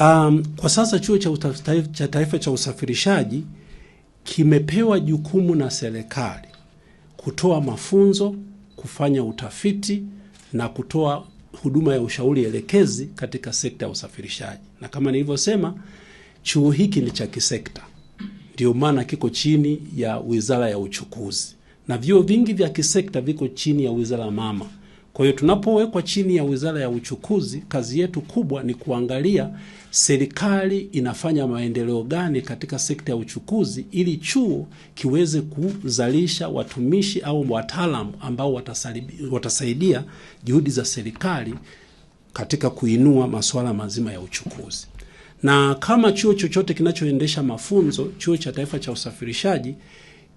Um, kwa sasa Chuo cha, cha Taifa cha Usafirishaji kimepewa jukumu na serikali kutoa mafunzo, kufanya utafiti na kutoa huduma ya ushauri elekezi katika sekta ya usafirishaji. Na kama nilivyosema, chuo hiki ni cha kisekta, ndio maana kiko chini ya Wizara ya Uchukuzi, na vyuo vingi vya kisekta viko chini ya wizara mama. Kwa hiyo tunapowekwa chini ya Wizara ya Uchukuzi, kazi yetu kubwa ni kuangalia serikali inafanya maendeleo gani katika sekta ya uchukuzi ili chuo kiweze kuzalisha watumishi au wataalamu ambao watasaidia juhudi za serikali katika kuinua masuala mazima ya uchukuzi. Na kama chuo chochote kinachoendesha mafunzo, Chuo cha Taifa cha Usafirishaji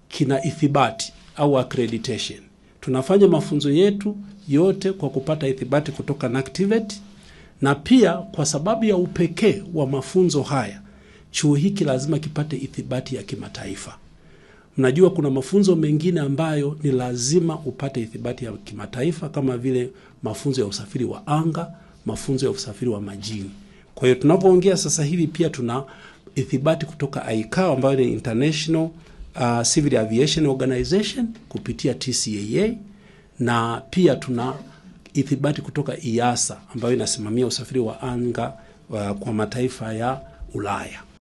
kina ithibati au accreditation. Tunafanya mafunzo yetu yote kwa kupata ithibati kutoka NACTIVATE, na pia kwa sababu ya upekee wa mafunzo haya, chuo hiki lazima kipate ithibati ya kimataifa. Mnajua kuna mafunzo mengine ambayo ni lazima upate ithibati ya kimataifa kama vile mafunzo ya usafiri wa anga, mafunzo ya usafiri wa majini. Kwa hiyo tunapoongea sasa hivi pia tuna ithibati kutoka ICAO ambayo ni International uh, Civil Aviation Organization kupitia TCAA na pia tuna ithibati kutoka IASA ambayo inasimamia usafiri wa anga wa uh, kwa mataifa ya Ulaya.